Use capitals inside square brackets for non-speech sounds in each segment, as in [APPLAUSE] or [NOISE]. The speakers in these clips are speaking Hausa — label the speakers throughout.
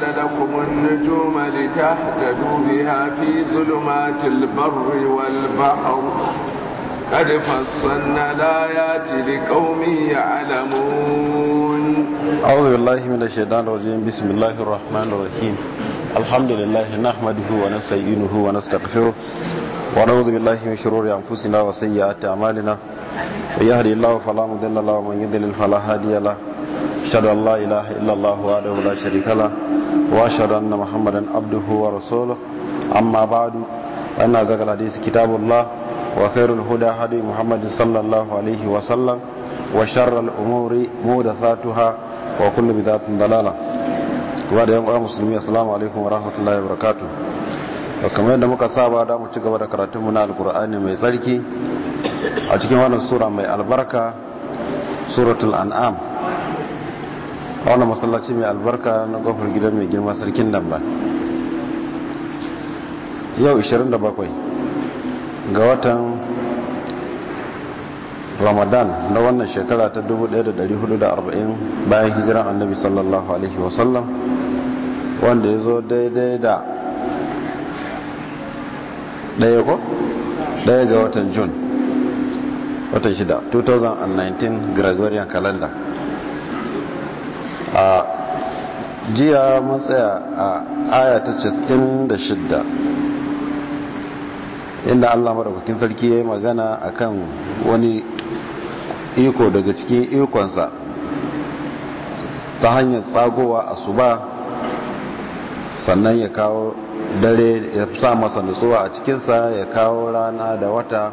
Speaker 1: جعل لكم النجوم لتهتدوا بها في ظلمات البر والبحر قد فصلنا الآيات لقوم يعلمون
Speaker 2: أعوذ بالله من الشيطان الرجيم بسم الله الرحمن الرحيم الحمد لله نحمده ونستعينه ونستغفره ونعوذ بالله من شرور أنفسنا وسيئات أعمالنا من يهدي الله فلا مضل له ومن يضلل فلا هادي له أشهد أن لا إله إلا الله وحده لا شريك له واشهد ان محمدا عبده ورسوله اما بعد أن أزكى الحديث كتاب الله وخير الهدى هدي محمد صلى الله عليه وسلم وشر الامور محدثاتها وكل بدعه ضلاله وبعد يوم مسلمين السلام عليكم ورحمه الله وبركاته kamar yadda muka saba da mu ci gaba da karatunmu na alkur'ani mai tsarki a cikin wannan sura mai albarka suratul an'am a wani masallaci mai albarka na kofar gidan mai girma sarkin damba yau 27 ga watan ramadan na wannan shekara ta 1440 bayan hijiran annabi sallallahu alaihi wasallam wanda ya zo daidai da daya ko daya ga watan june watan shida 2019 gregorian calendar a jiya mun tsaya a aya da shidda inda Allah maɗaukakin sarki ya yi magana a kan wani iko daga cikin ikonsa ta hanyar tsagowa a su ba sannan ya kawo dare ya sa masa nutsuwa a cikinsa ya kawo rana da wata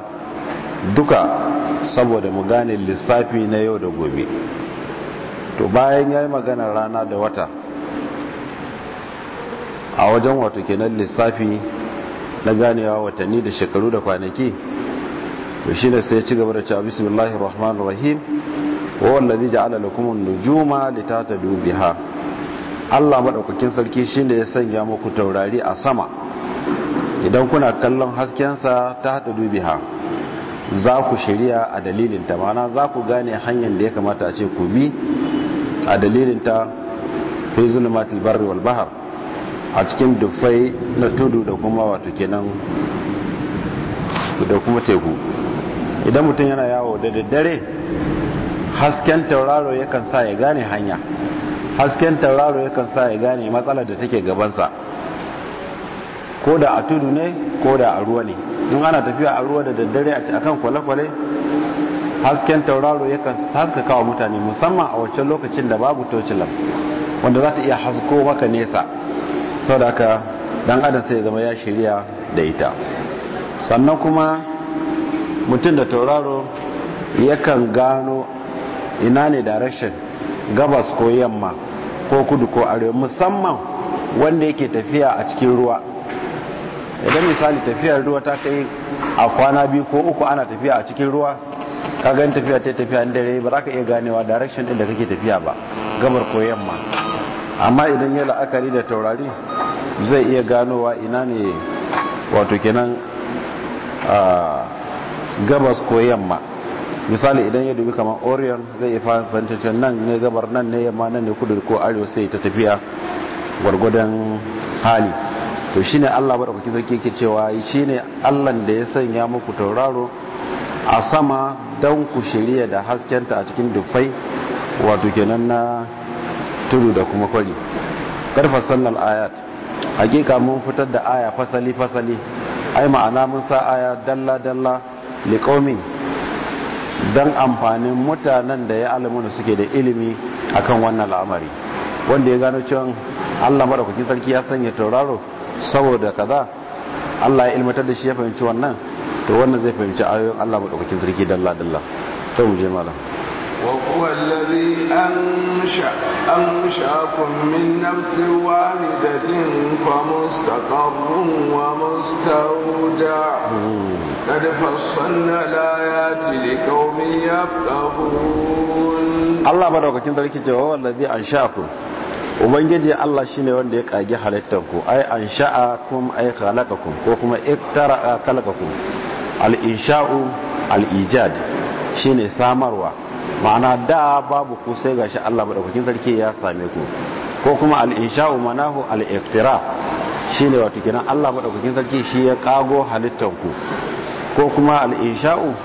Speaker 2: duka saboda mu gane lissafi na yau da gobe to bayan ya yi maganar rana da wata a wajen wato kenan lissafi na ganewa watanni da shekaru da kwanaki to shi ne sai ci gaba da cewa bismillahir rahmanir rahim wa wallazi ja'ala lakum an-nujuma litatadu biha Allah maɗaukakin sarki shine ya sanya muku taurari a sama idan kuna kallon haskensa sa ta dubi biha za ku shirya a dalilin ta mana za ku gane hanyar da ya kamata a ce ku bi a dalilin ta fi zulumatul barri wal bahr a cikin dufai na tudu da kuma wato kenan da kuma teku idan mutum yana yawo da daddare hasken tauraro yakan sa ya gane hanya hasken tauraro yakan sa ya gane matsalar da take gabansa ko da a tudu ne ko da a ruwa ne in ana tafiya a ruwa da daddare a akan kwale-kwale hasken tauraro yakan haskaka wa mutane musamman a wacce lokacin da babu tocilan wanda za ta iya hasko maka nesa sau da aka dan adam sai zama ya shirya da ita sannan kuma mutum da tauraro yakan gano ina ne da direction gabas ko yamma ko kudu ko arewa musamman wanda yake tafiya a cikin ruwa idan misali tafiyar ruwa ta kai a kwana biyu ko uku ana tafiya a cikin ruwa ka gani tafiya ta tafiya dare ba za ka iya ganewa direction ɗin da kake tafiya ba gabar ko yamma amma idan ya la'akari da taurari zai iya ganowa ina ne wato kenan a gabas ko yamma misali idan ya dubi kamar orion zai iya fantancen nan ne gabar nan ne yamma nan ne kudu ko arewa sai ta tafiya gwargwadon hali to shine Allah madaukakin sarki ke cewa shi ne Allah da ya sanya muku tauraro a sama don ku shirya da haskenta a cikin dufai wato kenan na tudu da kuma kwari karfa sannan ayat hakika mun fitar da aya fasali fasali ai ma'ana mun sa aya dalla dalla likomi dan amfanin mutanen da ya alamuna suke da ilimi akan wannan al'amari wanda ya gano cewa Allah madaukakin sarki ya sanya tauraro saboda kaza Allah ya ilmatar da shi ya fahimci wannan to wannan zai fahimci ayoyin Allah madaukakin sarki dalla dalla to mu je malam.
Speaker 1: wa huwa alladhi ansha ansha'akum min nafsin wahidatin famustaqarrun wa mustawda kada hmm. fassalna ayati liqaumin yafqahun
Speaker 2: Allah madaukakin sarki ce wa alladhi ansha'akum ubangiji Allah shine wanda ya kage halittar ku ai kum ai khalaqakum ko kuma iktara khalaqakum al-insha'u al-ijad shine samarwa ma'ana da babu ku sai gashi Allah madaukakin sarki ya same ku ko kuma al-insha'u manahu al-iktira shine wato kenan Allah madaukakin sarki shi ya kago halittar ku ko kuma al-insha'u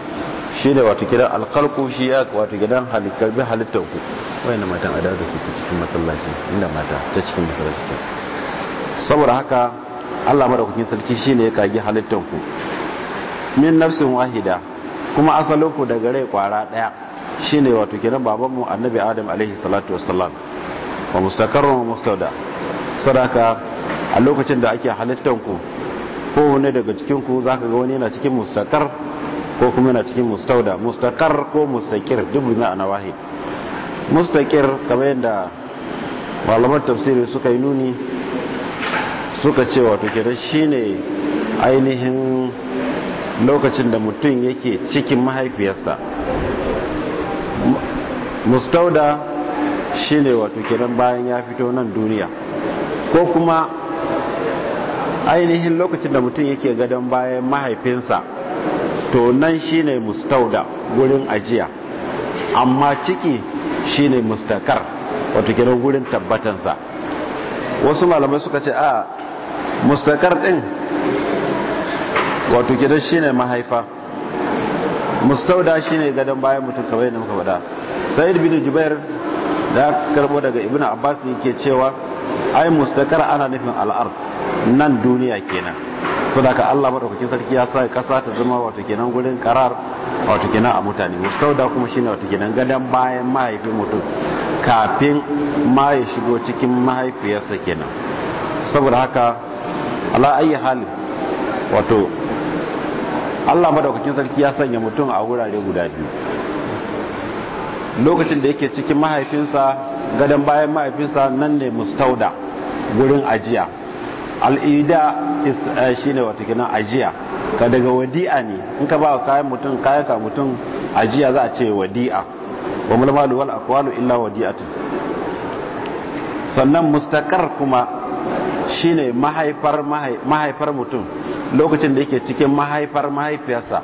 Speaker 2: shi ne wato kiran alkalko shi ya wato gidan halittarbi halittar ku wayannan matan a daga su ta cikin masallaci inda mata ta cikin masallaci ke saboda haka allah maɗaukakin sarki shi ne ya kagi halittar ku min nafsin wahida kuma asalin ku daga rai kwara ɗaya shi ne wato kiran babanmu annabi adam alaihi salatu wassalam wa mustakarrun wa mustauda sadaka a lokacin da ake halittar ku kowane daga cikin ku ka ga wani yana cikin mustakar ko kuma yana cikin mustauda mustaqar ko mustaqir duk bi ma'ana wahid mustaqir kamar yadda malaman tafsiri suka yi nuni suka ce wato kenan shine ainihin lokacin da mutum yake cikin mahaifiyarsa mustauda shine wato kenan bayan ya fito nan duniya ko kuma ainihin lokacin da mutum yake gadon bayan mahaifinsa to nan shine mustauda gurin ajiya amma ciki shine mustakar wato kenan gurin tabbatansa wasu malamai suka ce a mustakar din wato kenan shine mahaifa mustauda shine gadon bayan mutum kamar yadda muka faɗa sa'id bin jubair da karbo daga ibnu abbas ne ke cewa ai mustakar ana nufin al'ard nan duniya kenan saboda ka Allah madaukakin sarki ya sa kasa ta zama wato kenan gurin karar wato kenan a mutane mustauda kuma shine wato kenan gadan bayan mahaifin mutum kafin ma ya shigo cikin mahaifiyarsa kenan saboda haka ala ayi hali wato Allah madaukakin sarki ya sanya mutum a wurare guda biyu lokacin da yake cikin mahaifinsa gadon bayan mahaifinsa nan ne mustauda gurin ajiya al'ida eh, ne wata kina ajiya ka daga wadi'a ne in ka ba kayan mutum kayan ka mutum ajiya za a ce wadi'a wa mulmalu wal akwalu illa wadi'atu sannan mustaqar kuma shine mahaifar mahaifar mutum lokacin da yake cikin mahaifar mahaifiyarsa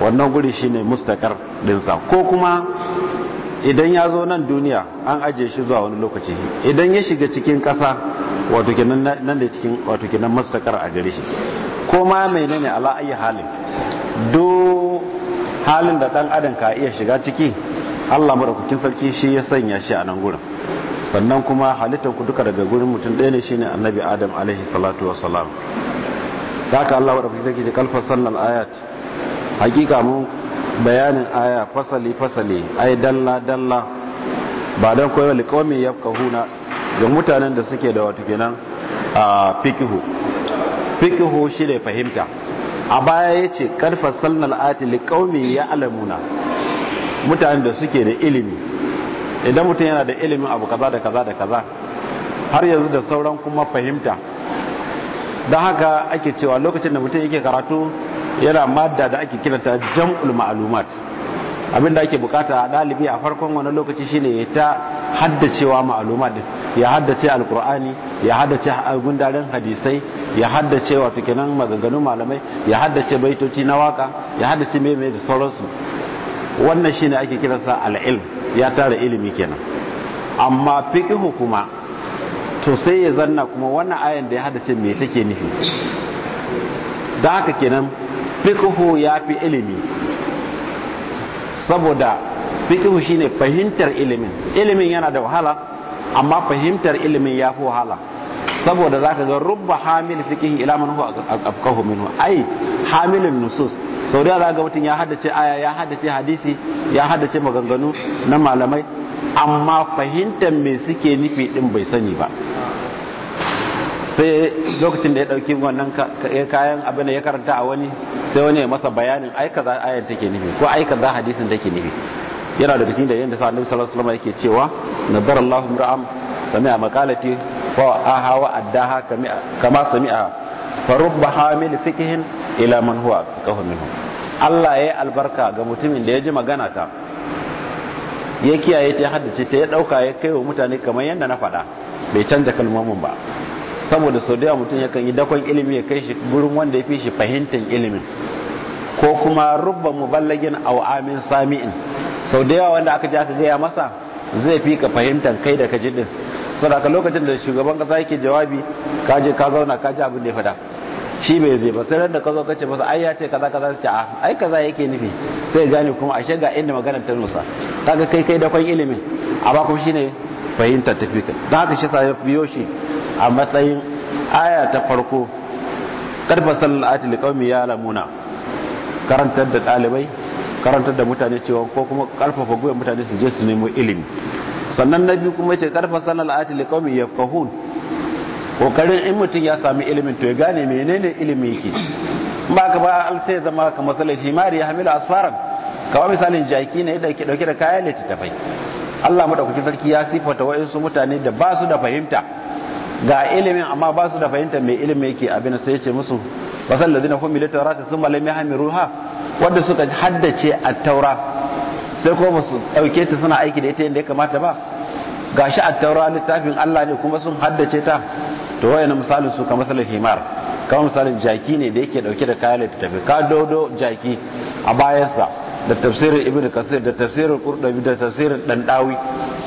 Speaker 2: wannan guri shine mustaqar dinsa ko kuma idan ya zo nan duniya an ajiye shi zuwa wani lokaci idan ya shiga cikin kasa. wato kenan nan da cikin wato kenan mastakar a gare shi ko ma menene ala ayi halin do halin da dan adam ka iya shiga ciki Allah madaukakin sarki shi ya sanya shi a nan gurin sannan kuma halittar ku duka daga gurin mutum ɗaya ne shine annabi adam alaihi salatu salam haka Allah madaukakin sarki ya kalfa sannan ayat hakika mun bayanin aya fasali fasali ai dalla dalla ba dan koyo liqawmi yafqahuna ga mutanen da suke da wata kenan a fikihu fikihu shi ne fahimta a baya ya ce karfa sannan ati liƙaumi ya alamuna mutanen da suke da ilimi idan mutum yana da ilimin abu kaza da kaza da kaza har yanzu da sauran kuma fahimta don haka ake cewa lokacin da mutum yake karatu yana madda da ake kiranta jam'ul ma'alumat abinda ake bukata a ɗalibi a farkon wani lokaci shine ta haddacewa ma'aluma ya haddace alkur'ani ya haddace gundaren hadisai ya haddace wato kenan maganganun malamai ya haddace baitoci na waka ya haddace mai mai da sauransu wannan shine ake kiransa al'ilm ya tara ilimi kenan amma fiqhu kuma to sai ya zanna kuma wannan ayan da ya haddace me take nufi da haka kenan fiqhu ya fi ilimi saboda fiqhu shine fahimtar ilimin ilimin yana da wahala amma fahimtar ilimin ya fi wahala saboda zaka ga rubba hamil fiqhi ila man huwa afqahu minhu ai hamilun nusus sau da zaka ga mutum ya haddace aya ya haddace hadisi ya haddace maganganu na malamai amma fahimtar me suke nufi din bai sani ba sai lokacin da ya dauki wannan kayan abin da ya karanta a wani sai wani ya masa bayanin ai kaza ayar take nufi ko aika za hadisin take nufi yana da cikin da da sa annabi sallallahu alaihi wasallam yake cewa nadara Allahu ra'am sami'a maqalati wa aha wa addaha kama sami'a rubba hamil fikihin. ila man huwa kahun minhu Allah ya albarka ga mutumin da ya ji magana ta ya kiyaye ta haddace ta ya dauka ya kai wa mutane kamar yadda na faɗa bai canza kalmomin ba saboda sau da mutum yakan yi dakon ilimi ya kai shi gurin wanda ya fi shi fahimtar ilimin ko kuma rubba muballagin aw amin sami'in sau da yawa wanda aka je aka gaya masa zai fi ka fahimtar kai da kaji din da lokacin da shugaban kasa yake jawabi ka je ka zauna ka ji abin da ya faɗa shi bai zai ba sai da ka zo kace masa ai ya ce kaza kaza ce a ai kaza yake nufi sai gane kuma ashe ga inda maganar ta nusa kaga kai kai da kwan ilimin amma kuma shine fahimtar tafi ka dan haka shi sa ya biyo shi a matsayin aya ta farko karfa sallati liqaumi ya lamuna karantar da dalibai karantar da mutane cewa ko kuma karfafa gwiwa mutane su je su nemo ilimi sannan na biyu kuma ce karfa sanar ati li qaumi yafqahun kokarin in mutum ya sami ilimin to ya gane menene ilimi yake ba ka ba al sai zama kamar salal himari ya hamilu asfaran ba misalin jaki ne da ke dauke da kayan littattafai Allah mu dauki sarki ya sifata wayansu mutane da ba su da fahimta ga ilimin amma ba su da fahimta mai ilimi yake abin sai ya ce musu wasal ladina hum lit thumma lam yahmiruha wanda suka haddace a taura sai kuma musu dauke ta suna aiki da ita yadda ya kamata ba ga gashi taura littafin Allah ne kuma sun haddace ta to wayan misalin su kamar misalin himar kamar misalin jaki ne da yake dauke da kayan littafi ka dodo jaki a bayansa da tafsirin ibn kasir da tafsirin qurdabi da tafsirin dandawi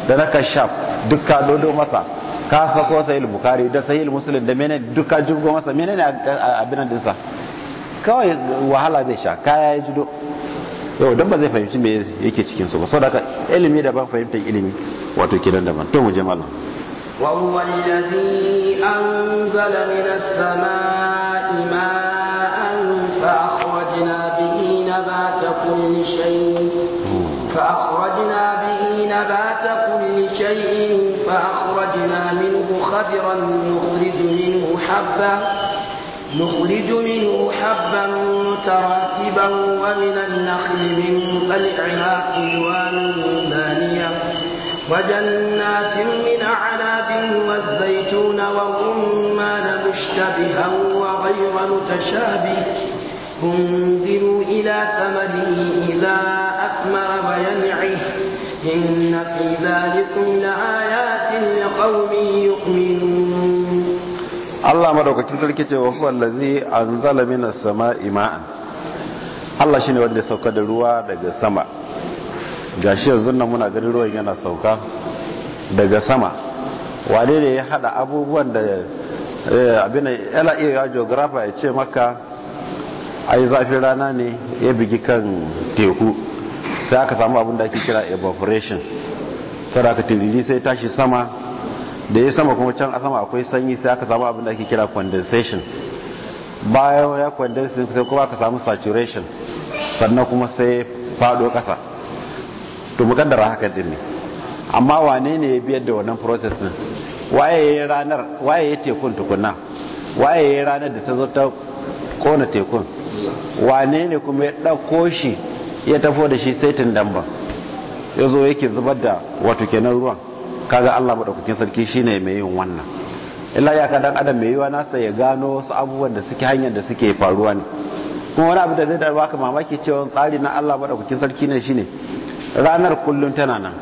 Speaker 2: da na kashaf duk ka dodo masa ka sako sahih bukhari da sahih muslim da menene duk ka jirgo masa menene abin dinsa kawai wahala zai sha kaya ya yau don ba zai fahimci me yake cikin su ba sau da ilimi daban fahimtar ilimi wato kiran daban to mu je malam
Speaker 1: وهو الذي أنزل من السماء ماء فأخرجنا به نبات كل شيء فأخرجنا به نبات كل شيء فأخرجنا منه خضرا نخرج منه حبا نخرج منه حبا متراكبا ومن النخل من طلعها قلوان دانية وجنات من أعناب والزيتون والرمان مشتبها وغير متشابه انظروا إلى ثمره إذا أثمر وينعه إن في ذلكم لآيات لقوم يؤمنون
Speaker 2: Allah madaukakin sarki ce wa huwa allazi anzala minas sama'i ma'an Allah shine wanda ya sauka da ruwa daga sama gashi yanzu nan muna ganin ruwan yana sauka daga sama wane ne ya hada abubuwan da eh, abin yana iya ya geographer ya ce maka ai zafin rana ne ya bigi kan teku sai aka samu abin da ake kira evaporation sai aka tiriri sai tashi sama da ya sama kuma can a sama akwai sanyi sai aka samu abin da ake kira condensation bayan ya condensation sai kuma aka samu saturation sannan kuma sai fado kasa to mukaddara haka din ne amma wane ne ya biyar da wannan processin waye ya yi ranar waye ya tekun tukuna waye ya yi ranar da ta zo ta kona tekun wane ne kuma ya ɗauko shi ya tafo da shi saitin damba ya zo yake zubar da wato kenan ruwan kaga Allah madaukakin sarki shine mai yin wannan illa ya kadan adam mai yiwa nasa ya gano su abubuwan da suke hanyar da suke faruwa ne kuma wani abu da zai darba ka mamaki cewa tsari na Allah madaukakin sarki ne shine ranar kullun tana nan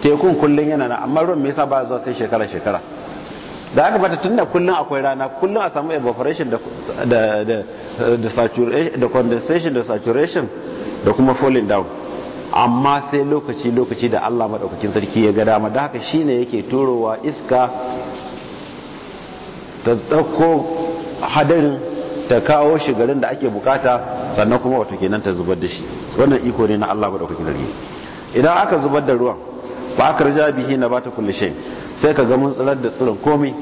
Speaker 2: tekun kullun yana nan amma ruwan me yasa ba zuwa sai shekara shekara da aka tun tunda kullun akwai rana kullun a samu evaporation da da da da condensation da saturation da kuma falling down amma sai lokaci lokaci da Allah madaukakin sarki ya ga dama da haka shine yake turowa iska ta dauko hadarin ta kawo shi garin da ake bukata sannan kuma wato kenan ta zubar da shi wannan iko ne na Allah madaukakin sarki idan aka zubar da ruwan ba aka raja bihi na bata kulle shi sai ka ga tsirar da tsirin komai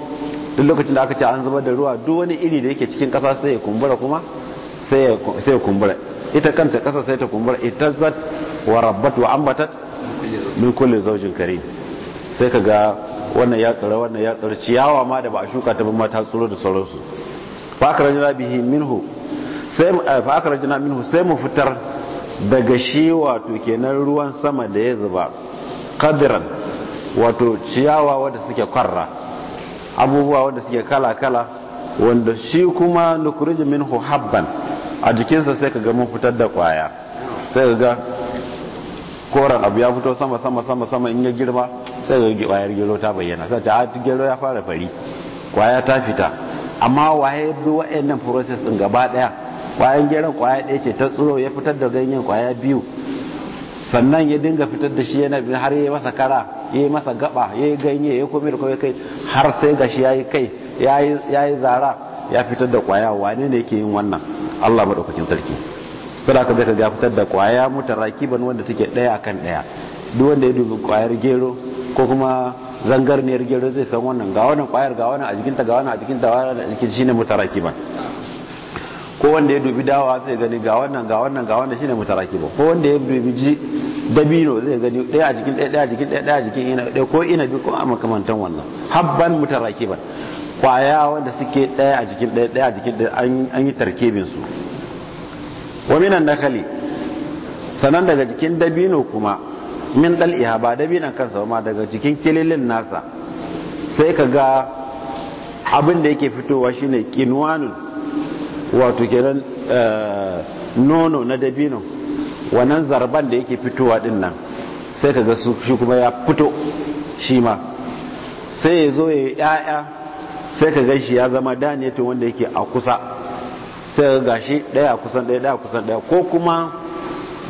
Speaker 2: duk lokacin da aka ce an zubar da ruwa duk wani iri da yake cikin kasa sai ya kumbura kuma sai ya kumbura ita kanta kasa sai ta kumbura ita zat wa rabbat wa ambatat min kulli zawjin karim sai kaga wannan ya tsara wannan ya tsara ciyawa ma da ba a shuka ta ba ta tsoro da su fa akrajna bihi minhu sai eh, fa akrajna minhu sai mu fitar daga shi wato kenan ruwan sama da ya zuba qadran wato ciyawa wanda suke kwarra abubuwa wanda suke kala kala wanda shi kuma nukurij minhu habban a jikinsa sai kaga mun fitar da kwaya sai kaga koren abu ya fito sama sama sama sama in ya girma sai ga kwayar gero ta bayyana sai ta ah, gero ya fara fari kwaya ta fita amma waye bi wa'annan process din gaba daya kwayan gero kwaya daya ce ta tsiro ya fitar da ganyen kwaya biyu sannan ya dinga fitar da shi yana bin har yayi masa kara yayi masa gaba yayi ganye yayi komai da komai kai har sai gashi yayi kai yayi yayi zara ya fitar da kwaya wane ne yake yin wannan Allah madaukakin sarki sai ka zai ka ga fitar da kwaya mutarakiban wanda take daya akan daya duk wanda ya dubi kwayar gero ko kuma zangarniyar gero zai san wannan ga wannan kwayar ga wannan a jikinta ga wannan a jikinta ga wannan a jikin shine mutarakiban ko wanda ya dubi dawa zai gani ga wannan ga wannan ga wannan shine ba ko wanda ya dubi ji dabino zai gani daya a jikin daya daya a jikin daya daya a jikin ina daya ko ina bi ko a makamantan wannan habban ba kwaya wanda suke daya a jikin daya daya a jikin daya an yi tarkibin su wa minan nakali sanan daga jikin dabino kuma min dal'iha ba dabinan kansa ma daga jikin kililin nasa sai ka ga abin da yake fitowa shine kinwanu wato kenan eh, nono na dabino wannan zarban da yake fitowa din nan sai ka ga shi kuma ya fito shi ma sai ya zo ya yi 'ya'ya sai ka gan shi ya zama daniyatu wanda yake a kusa sai gashi daya kusan daya daya kusan daya ko kuma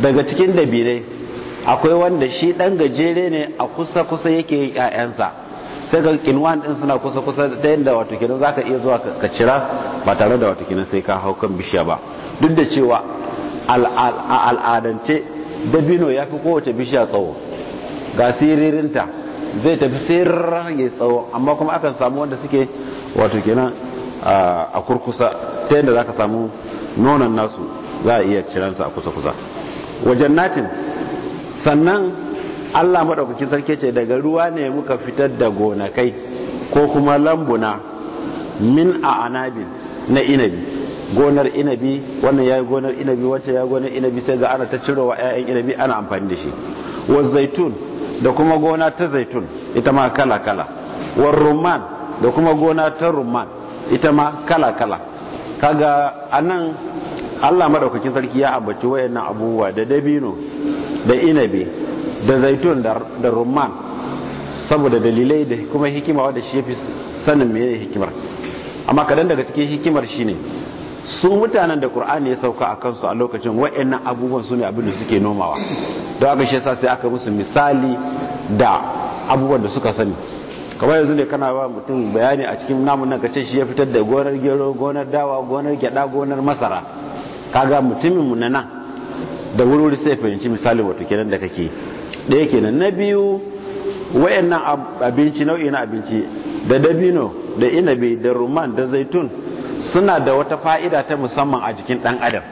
Speaker 2: daga cikin dabirai akwai wanda shi dan gajere ne a kusa kusa yake yin ƴaƴansa sai ga kinwan din suna kusa kusa da yanda wato kinan zaka iya zuwa ka cira ba tare da wato kinan sai ka hau kan bishiya ba duk da cewa al'adance dabino ya fi kowace bishiya tsawo ga siririnta zai tafi sirar ya tsawo amma kuma akan samu wanda suke wato kenan a kurkusa ta yadda za ka samu nonon nasu za a iya ciransa a kusa-kusa wajen natin sannan allah maɗaukakin sarki ce daga ruwa ne muka fitar da gonakai ko kuma lambuna min a anabin na inabi gonar inabi wannan ya yi gonar inabi wacce ya gonar inabi sai ga ana ta cirowa 'ya'yan inabi ana amfani da shi wasu zaitun da kuma gona ta zaitun ita ma kala-kala wa rumman da kuma gona ta rumman ita ma kala-kala kaga anan allah maɗaukakin sarki ya ambaci wayannan abubuwa da dabino da inabi da zaitun da rumman saboda dalilai da kuma hikima wadda shi fi sanin mene hikimar amma kadan daga cikin hikimar shine su mutanen da qur'ani ya sauka a kansu a lokacin wayannan abubuwan su ne abin da suke nomawa don haka shi yasa sai aka musu misali da abubuwan da suka sani kamar yanzu ne kana ba mutum bayani a cikin namun nan kace shi ya fitar da gonar gero gonar dawa gonar gyada gonar masara kaga mutumin mu nan da wuri sai fahimci misali wato kenan da kake ɗaya kenan na biyu wayannan abinci nau'i na abinci da dabino da inabi da ruman da zaitun suna da wata fa'ida ta musamman a jikin dan adam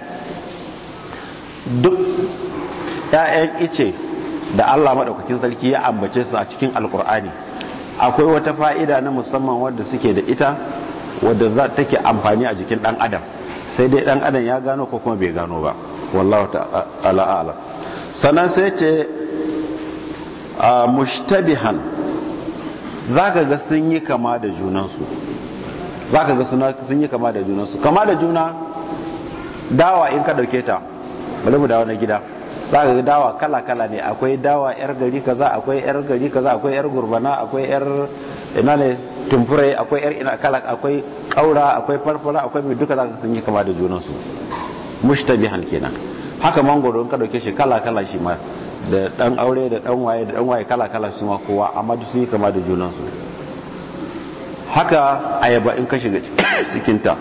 Speaker 2: duk ‘ya'yan ice da Allah maɗaukakin sarki ya ambace su a cikin alkur'ani akwai wata fa'ida na musamman wadda suke da ita wadda za ta ke amfani a jikin ɗan adam sai dai ɗan adam ya gano ko kuma bai gano ba wallawa ta ala'ala sannan sai ce mushtabihan zaka ga sun yi kama da junansu ka ga sun yi kama da junansu kama da juna dawa in ka ɗauke ta bari mu dawa na gida za ka ga dawa kala kala ne akwai dawa yar gari kaza akwai yar gari kaza akwai yar gurbana akwai yar ina ne tumfure akwai yar ina kala akwai kaura akwai farfara akwai mai duka za ka sun yi kama da junan su mushtabihan kenan haka mangoro ka dauke shi kala kala shi ma da dan aure da dan waye da dan waye kala kala su ma kowa amma duk sun yi kama da junan su haka ayaba in ka shiga [COUGHS] cikinta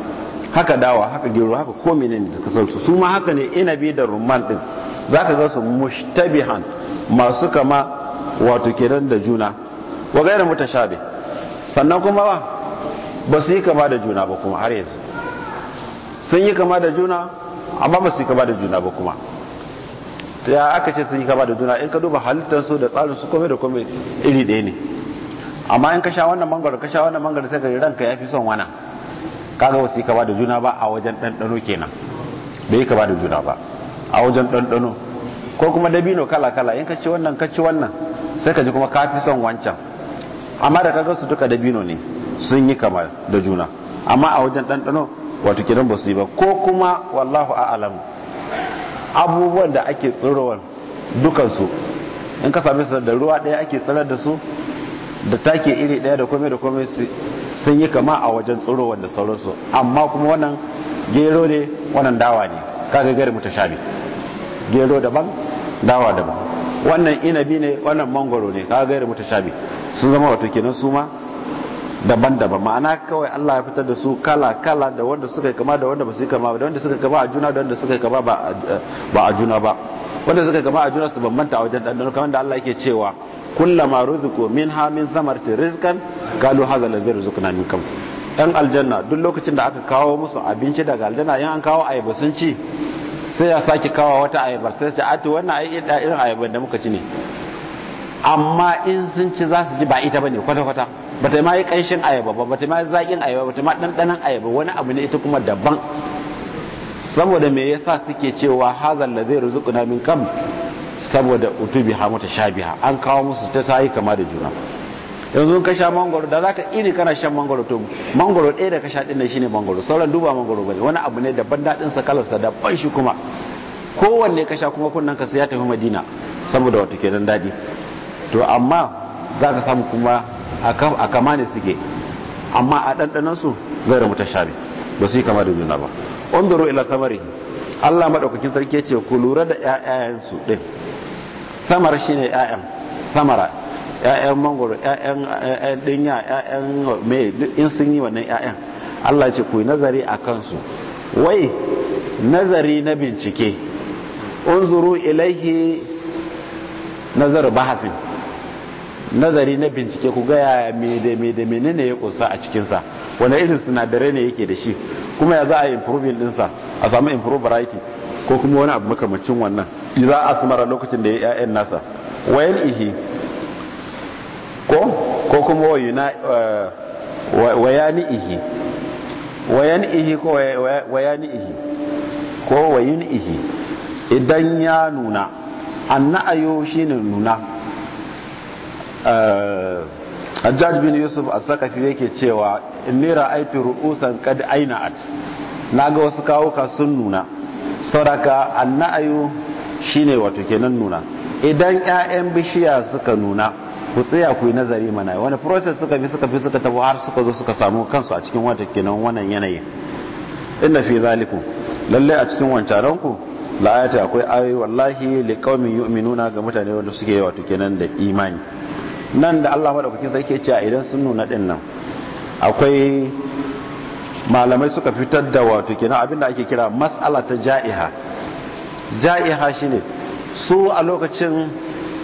Speaker 2: haka dawa haka gero haka ko menene da ka sauke su ma haka ne inabi da rumman din za ka ga su mushtabihan masu kama wato kenan da juna wa mutu shaɓe sannan kuma ba ba su yi kama da juna ba kuma har yanzu sun yi kama da juna amma ba su yi kama da juna ba kuma ya aka ce sun yi kama da juna in ka duba halittarsu da tsarinsu kome da kome iri ɗaya ne amma in ka sha wannan mangoro ka sha wannan mangoro sai ka ranka ya fi son wana kaga wasu yi kama da juna ba a wajen ɗanɗano kenan bai yi kama da juna ba a wajen ɗanɗano ko kuma dabino kala kala in ka ci wannan ka ci wannan sai ka ji kuma kafi son wancan amma da kaga su duka dabino ne sun yi kama da juna amma a wajen ɗanɗano wato kiran ba su yi ba ko kuma wallahu a'alam abubuwan da ake tsirowar dukansu in ka same su da ruwa ɗaya ake tsirar da su da take iri ɗaya da kome da kome sun yi kama a wajen tsirowar da sauransu amma kuma wannan gero ne wannan dawa ne kaga gari shabi, gero daban dawa daban wannan inabi ne wannan mangoro ne kaga gari shabi. sun zama wato kenan su ma daban-daban ma'ana kawai Allah ya fitar da su kala-kala da wanda suka yi kama da wanda ba su yi kama da wanda suka kama a juna da wanda suka yi kama ba a juna ba wanda suka kama a juna su bambanta a wajen ɗanɗano kamar da Allah yake cewa kullama ruzuku min ha min zamarti rizqan qalu hadha alladhi rizqna min qabl Ɗan aljanna duk lokacin da aka kawo musu abinci daga aljanna yin an kawo ayaba sun ci sai ya sake kawo wata ayabar sai ce ato wannan da irin ayabar da muka ci ne amma in sun ci za su ji ba ita bane kwata kwata bata ma yi kanshin ayaba ba bata ma yi zaƙin ayaba bata ma ɗanɗanon ayaba wani abu ne ita kuma daban saboda me yasa suke cewa hazal la zai min kam saboda utubi ha mata shabiha an kawo musu ta tayi kama da juna yanzu ka sha mangoro da zaka ini kana shan mangoro to mangoro ɗaya da ka sha shi shine mangoro sauran duba mangoro bane wani abu ne da daban daɗin sa kalar da ban shi kuma kowanne ka sha kuma kunnan ka sai ya tafi madina saboda ke nan daɗi to amma za ka samu kuma a kama ne suke amma a ɗanɗanan su gaira mutashabi ba su yi kama da juna ba unzuru ila samari Allah madaukakin sarki ce ku lura da ƴaƴayen su din samar shine ƴaƴan samara ƴaƴan mangoro ƴaƴan dinya ƴaƴan me in sun yi wannan ƴaƴan Allah ce ku nazari a kansu wai nazari na bincike unzuru ilaihi nazar bahasin nazari na bincike ku ga yaya me da me da menene ya kusa a cikin sa wani irin sinadarai ne yake da shi kuma ya za a improving din sa a samu improve variety ko kuma wani abu makamacin wannan a asmara lokacin da ya ƴaƴan nasa wayan ihi ko ko kuma wayu na eh, wayani'ihi wayani'ihi ko wayani'ihi ko wayani'ihi idan ya nuna anna'ayo shine nuna eh, Hajjaj bin Yusuf As-Sakafi yake cewa inni ra'aytu ru'usan qad Na naga wasu kawuka sun nuna saraka anna'ayu shine wato kenan nuna idan 'ya'yan bishiya suka nuna ku tsaya ku yi nazari mana wani process suka bi suka fi suka tabo har suka zo suka samu kansu a cikin wata kenan wannan yanayi inna fi zaliku lalle a cikin ranku la la'ayata akwai ayi wallahi liqaumin yu'minuna ga mutane wanda suke wato kenan da imani nan da Allah madaukakin sarki ya ce idan sun nuna din nan akwai malamai suka fitar da wato kenan abinda ake kira mas'ala ta ja'iha ja'iha shine su a lokacin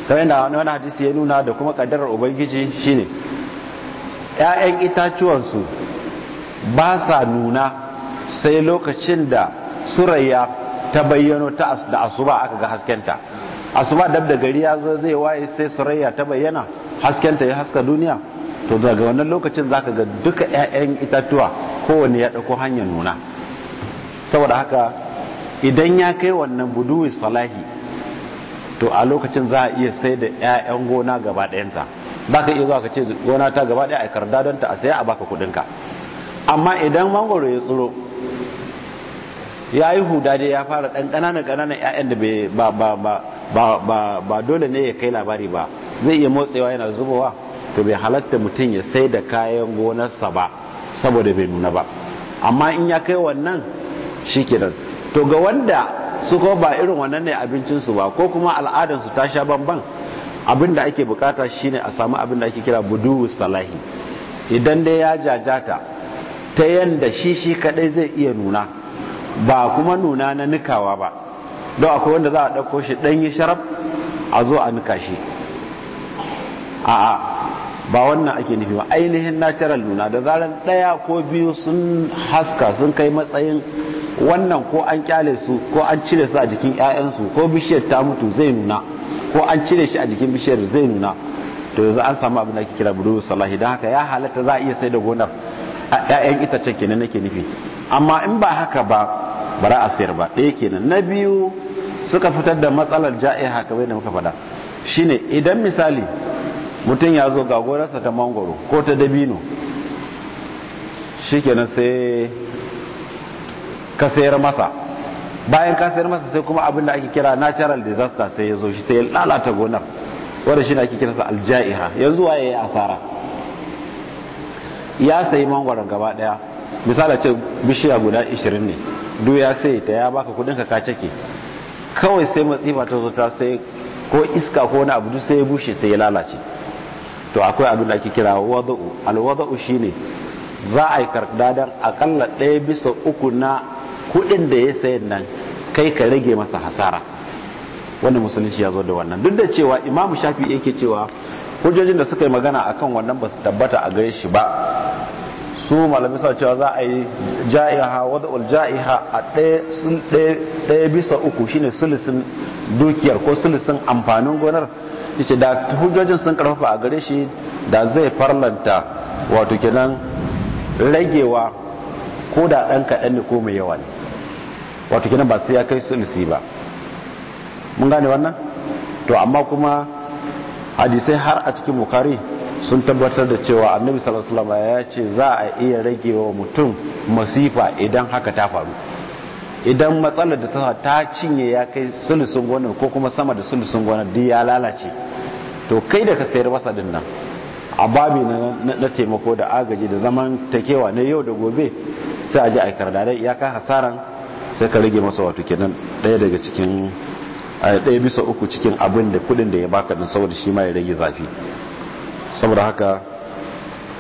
Speaker 2: ta da wani hadisi ya nuna da kuma kaddarar ubangiji shine ‘ya'yan itatuwansu ba sa nuna sai lokacin da surayya ta bayyano ta da asuba aka ga haskenta asuba dab da gari ya zo zai waye sai surayya ta bayyana haskenta ya haska duniya to daga wannan lokacin za ka ga duka 'ya'yan itatuwa kowane ya ɗauko hanyar nuna saboda haka idan ya kai wannan buduwi salahi to a lokacin za a iya sai da 'ya'yan gona gaba ɗayanta ba ka iya zuwa ka ce gona ta gaba ɗaya a karda don ta a saya a baka kuɗinka amma idan mangoro ya tsoro, ya yi huda dai ya fara ɗan ƙananan ƙananan 'ya'yan da ba dole ne ya kai labari ba zai iya motsewa yana zubowa to bai halatta mutum ya sai da kayan gonarsa ba saboda bai nuna ba amma in ya kai wannan shi kenan to ga wanda su ko ba irin wannan ne abincinsu ba ko kuma al'adarsu ta sha bamban abinda ake bukata shine a samu abin da ake kira budu salahi idan dai ya jajata ta yanda shi shi kadai zai iya nuna ba kuma nuna na nikawa ba don akwai wanda za a ɗauko shi ɗanyi sharaf a zo a nika shi a'a ba wannan ake nufi ba ainihin natural nuna da zarar ɗaya ko biyu sun haska sun kai matsayin wannan ko an kyale su ko an cire su a jikin 'ya'yansu ko bishiyar ta mutu zai nuna ko an cire shi a jikin bishiyar zai nuna to yanzu an samu abin da ake kira buru salahi don haka ya halatta za a iya sai da gonar 'ya'yan itacen kenan nake nufi amma in ba haka ba ba za a sayar ba ɗaya kenan na biyu suka fitar da matsalar haka bai da muka faɗa shine idan misali mutum ya zo ga gorarsa ta mangoro ko ta dabino shikenan sai ka sayar masa bayan ka sayar masa sai kuma abin da ake kira natural disaster sai ya zo shi sai ya lalata gonar wanda shi ne ake sa alja'iha yanzu waye ya asara ya sayi mangoro gaba daya misali ce bishiya guda 20 ne duk ya sai ta ya baka kudin ka ka cake kawai sai matsifa ta zo ta sai ko iska ko wani abu sai ya bushe sai ya lalace to akwai abin da ake kira wada'u alwada'u shine za a yi karɗa akalla ɗaya bisa uku na kuɗin da ya sayan nan kai ka rage masa hasara wanda musulunci ya zo da wannan duk da cewa imamu shafi yake cewa hujjojin da suka yi magana akan wannan ba su tabbata a gare shi ba su malami sa cewa za a yi ja'iha wadu ja'iha a ɗaya bisa uku shine sulisin dukiyar ko sulisin amfanin gonar yace da hujjojin sun karfafa a gare shi da zai farlanta wato kenan ragewa ko da ɗan kaɗan ne ko mai yawa ne wato kenan ba sai ya kai sulusi ba mun gane wannan to amma kuma hadisai har a cikin bukari sun tabbatar da cewa annabi sallallahu alaihi wasallam ya ce za a iya ragewa mutum masifa idan haka ta faru idan matsalar da ta cinye ya kai sulusun gonar ko kuma sama da sulusun gonar duk ya lalace to kai da ka sayar masa din nan a babi na taimako da agaji da zaman takewa na yau da gobe sai a ji a karda ya ka hasaran sai ka rage masa wato kenan ɗaya daga cikin daya bisa uku cikin abin da kudin da ya baka din saboda shi ma ya rage zafi saboda haka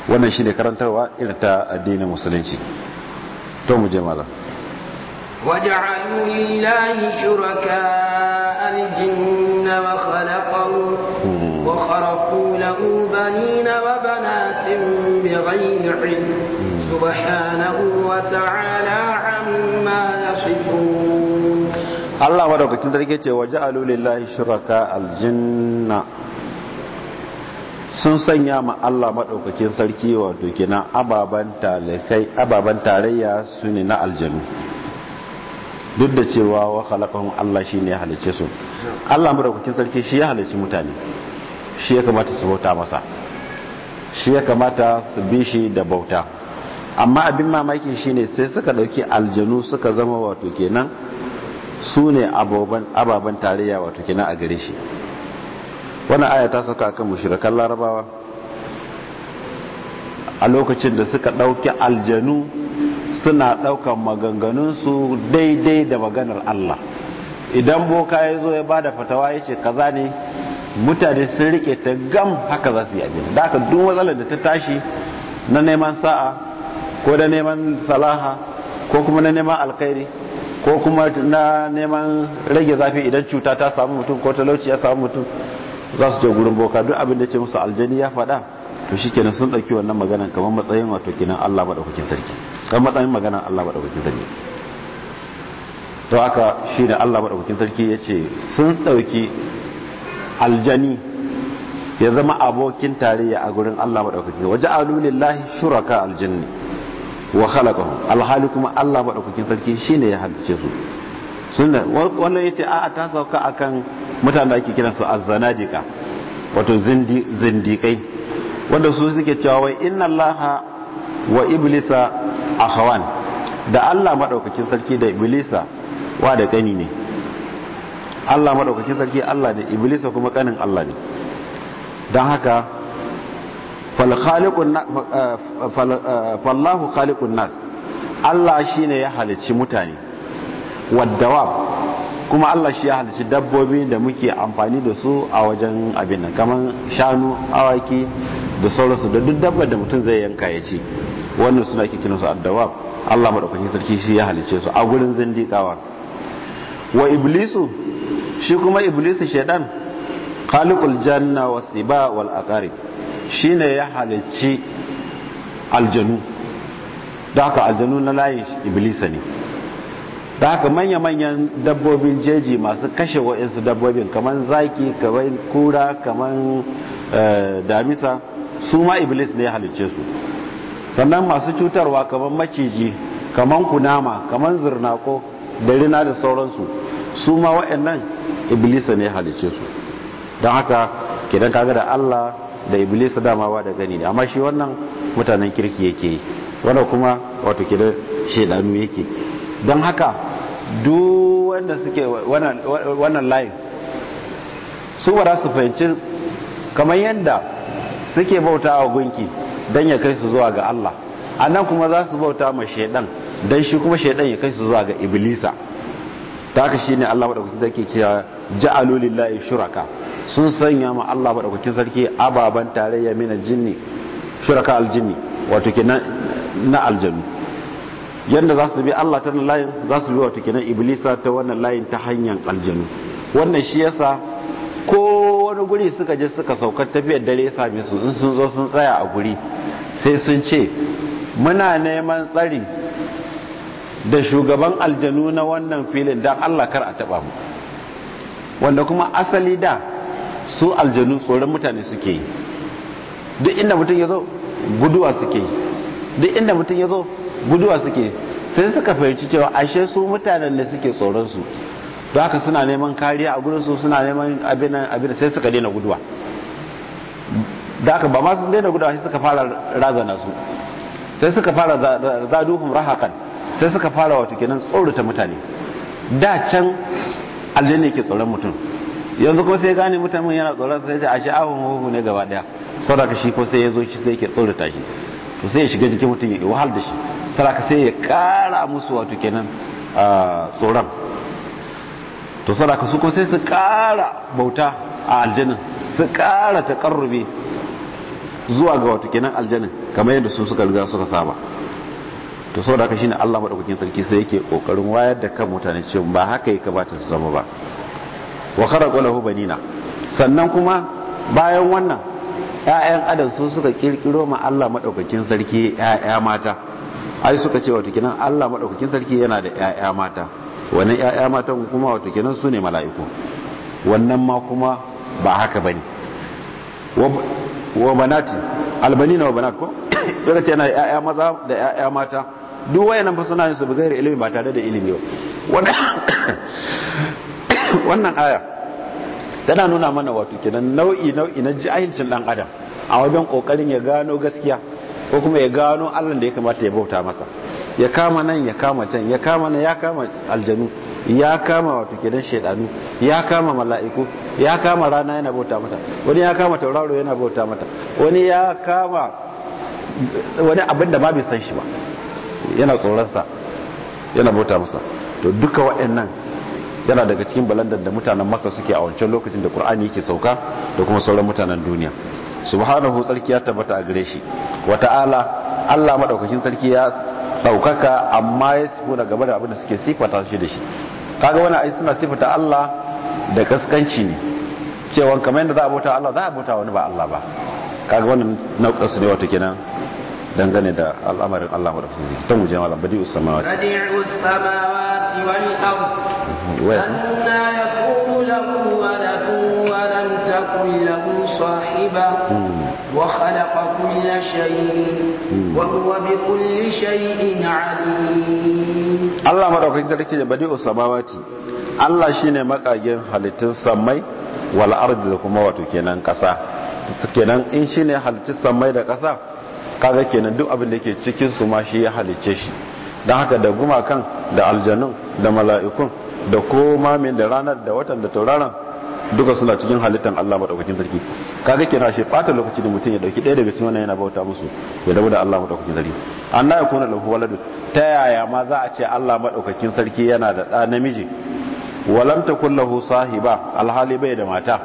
Speaker 2: wannan shine karantarwa irin ta addinin musulunci to mu je malam
Speaker 1: وجعلوا لله شركاء الجن وخلقهم وخرقوا له بنين وبنات بغير علم سبحانه وتعالى عما يصفون
Speaker 2: الله مدوكتين تركيتي وجعلوا لله شركاء الجن sun sanya ma Allah maɗaukakin sarki wato kenan ababen tarayya su ne na aljanu duk da cewa wa khalaqahum Allah shine ya halice su Allah madaukakin sarki shi ya halici mutane shi ya kamata su bauta masa shi ya kamata su bi shi da bauta amma abin mamaki shine sai suka dauki aljanu suka zama wato kenan su ne ababen tarayya wato kenan a gare shi wannan aya ta saka kan mushrikan larabawa a lokacin da suka dauki aljanu suna ɗaukan maganganunsu daidai da maganar Allah idan boka ya zo ya ba da fatawa ya ce kaza ne mutane sun rike ta gam haka za su yi abin da aka duk matsalar da ta tashi na neman sa'a ko da neman salaha ko kuma na neman alkhairi ko kuma na neman rage zafi idan cuta ta samu mutum ko talauci ya samu mutum za su je gurin boka duk abin da ce musu aljani ya faɗa to kenan sun dauki wannan maganan kamar matsayin wato kinan Allah madaukakin sarki kamar matsayin maganan Allah madaukakin sarki to haka shi da Allah madaukakin sarki yace sun dauki aljani ya zama abokin tarayya a gurin Allah sarki waje alulillahi shuraka aljinni wa khalaqahu alhali kuma Allah madaukakin sarki shine ya halice su sunna wannan yace a ta sauka akan mutanen da ake kiransu azzanadika wato zindi zindikai wanda su suke cewa wai inna allaha wa iblisa akhawan da Allah madaukakin sarki da iblisa wa da kani ne Allah madaukakin sarki Allah da iblisa kuma kanin Allah ne don haka eh, eh, fallahu khaliqun nas Allah shine ya halici mutane waddawab kuma Allah shi ya halici dabbobi da muke amfani da su a wajen abin nan kamar shanu awaki da sauransu da duk dabbar da mutum zai yanka ya ce wannan suna kikinansu addawa Allah maɗaukakin sarki shi ya halice su a gurin zindikawa wa iblisu shi kuma iblisu shaidan khaliqul janna wa siba wal aqarib shine ya halicci aljanu da haka aljanu na layin iblisa ne da haka manya-manyan dabbobin jeji masu kashe wa'insu dabbobin kamar zaki kamar kura kamar eh, damisa su ma iblis ne ya halicce su sannan masu cutarwa kamar maciji kamar kunama kamar zirnako da rina da sauransu su ma nan iblisa ne ya halicce su don haka kidan kaga da allah da iblisa damawa da gani ne amma shi wannan mutanen kirki yake yi wadda kuma wato kidan shaidanu yake don haka duwanda suke wannan layin su ba su fahimci kamar yadda suke bauta wa gunki don ya kai su zuwa ga Allah a nan kuma za su bauta ma shaidan don shi kuma shaidan ya kai su zuwa ga iblisa ta haka shi ne Allah maɗaukakin sarki cewa ja'alu lillahi shuraka sun sanya ma Allah maɗaukakin sarki ababen tarayya mina jinni shuraka aljinni wato ke na aljanu yadda za su bi Allah ta layin za su bi wato ke na iblisa ta wannan layin ta hanyar aljanu wannan shi yasa wani guri suka je suka saukar tafiyar dare ya same su in sun zo sun tsaya a guri sai sun ce muna neman tsari da shugaban aljanu na wannan filin don allah kar a taba mu wanda kuma asali da su aljanu tsoron mutane suke yi duk inda mutum ya zo guduwa suke yi duk inda mutum ya zo guduwa suke sai suka fahimci cewa ashe su mutanen da suke tsoron su don haka suna neman kariya a gudunsu suna neman abin sai suka daina guduwa da haka ba ma sun daina guduwa sai suka fara razana su sai suka fara zaduhum rahakan sai suka fara wata kenan tsorata mutane da can aljanna ke tsoron mutum yanzu kuma sai gane mutumin yana tsoron sai ya a awon hukun ne gaba daya ka shi ko sai ya zo shi sai ke tsorata shi to sai ya shiga jikin mutum ya wahal da shi saboda sai ya kara musu wato kenan ah, tsoron to sadaka su kuma sai su ƙara bauta a aljanin su ƙara karrube zuwa ga wato kenan aljanin kamar yadda su suka riga suka saba to saboda haka shine Allah madaukakin sarki sai yake kokarin wayar da kan mutane cewa ba haka yake ba ta zama ba wa kharaqa lahu banina sannan kuma bayan wannan ƴaƴan adam su suka kirkiro ma Allah madaukakin sarki ƴaƴa mata ai suka ce wato kenan Allah madaukakin sarki yana da ƴaƴa mata Wani ƴaƴa matan kuma wato kenan su ne mala'iku wannan ma kuma ba haka bane wa banati na wa banat ko daga [COUGHS] ce yana ƴaƴa maza da ƴaƴa mata duk wayannan fa suna yin su bigayar ilimi ba tare da ilimi ba wannan [COUGHS] aya tana nuna mana wato kenan nau'i nau'i na jahilcin dan adam a wajen kokarin ya gano gaskiya ko kuma ya gano Allah da ya kamata ya bauta masa ya kama nan ya kama can ya kama nan ya kama aljanu ya kama wato kenan shedanu ya kama mala'iku ya kama rana yana bauta mata wani ya kama tauraro yana bauta mata wani ya kama wani abin da ba bai san shi ba yana tsoronsa yana bauta masa to duka waɗannan yana daga cikin balandar da mutanen maka suke a wancan lokacin da qur'ani yake sauka da kuma sauran mutanen duniya subhanahu tsarki ya tabbata a gare shi wa ta'ala Allah madaukakin sarki ya daukaka amma ya sifo na gaba da abinda suke sifata shi da shi kaga wani ai suna sifata Allah da kaskanci ne cewa kamar yadda za a bauta Allah za a bauta wani ba Allah ba kaga wannan su ne wato kenan dangane da al'amarin Allah da kuma ta mu jama'a badi'u samawati
Speaker 1: badi'u samawati wal ard mhm, anna yakunu lahu waladun wa lam takul lahu sahiba hmm. وخلق كل شيء وهو بكل شيء عليم
Speaker 2: الله مدوكين sarki da badi'u samawati Allah shine makagen halittun samai wal ardi da kuma wato kenan kasa kenan in shine halittun samai da kasa kaga kenan duk abin da yake cikin su ma shi ya halicce shi don haka da gumakan da aljanun da mala'ikun da koma min da ranar da watan da tauraron duka suna cikin halittar Allah madaukakin sarki kaga kira shi fata lokaci da mutum ya dauki ɗaya daga cikin yana bauta musu ya rabu da Allah madaukakin sarki anna yakuna lahu waladun ta yaya ma za a ce Allah madaukakin sarki yana da ɗa namiji walam takul lahu sahiba alhali bai da mata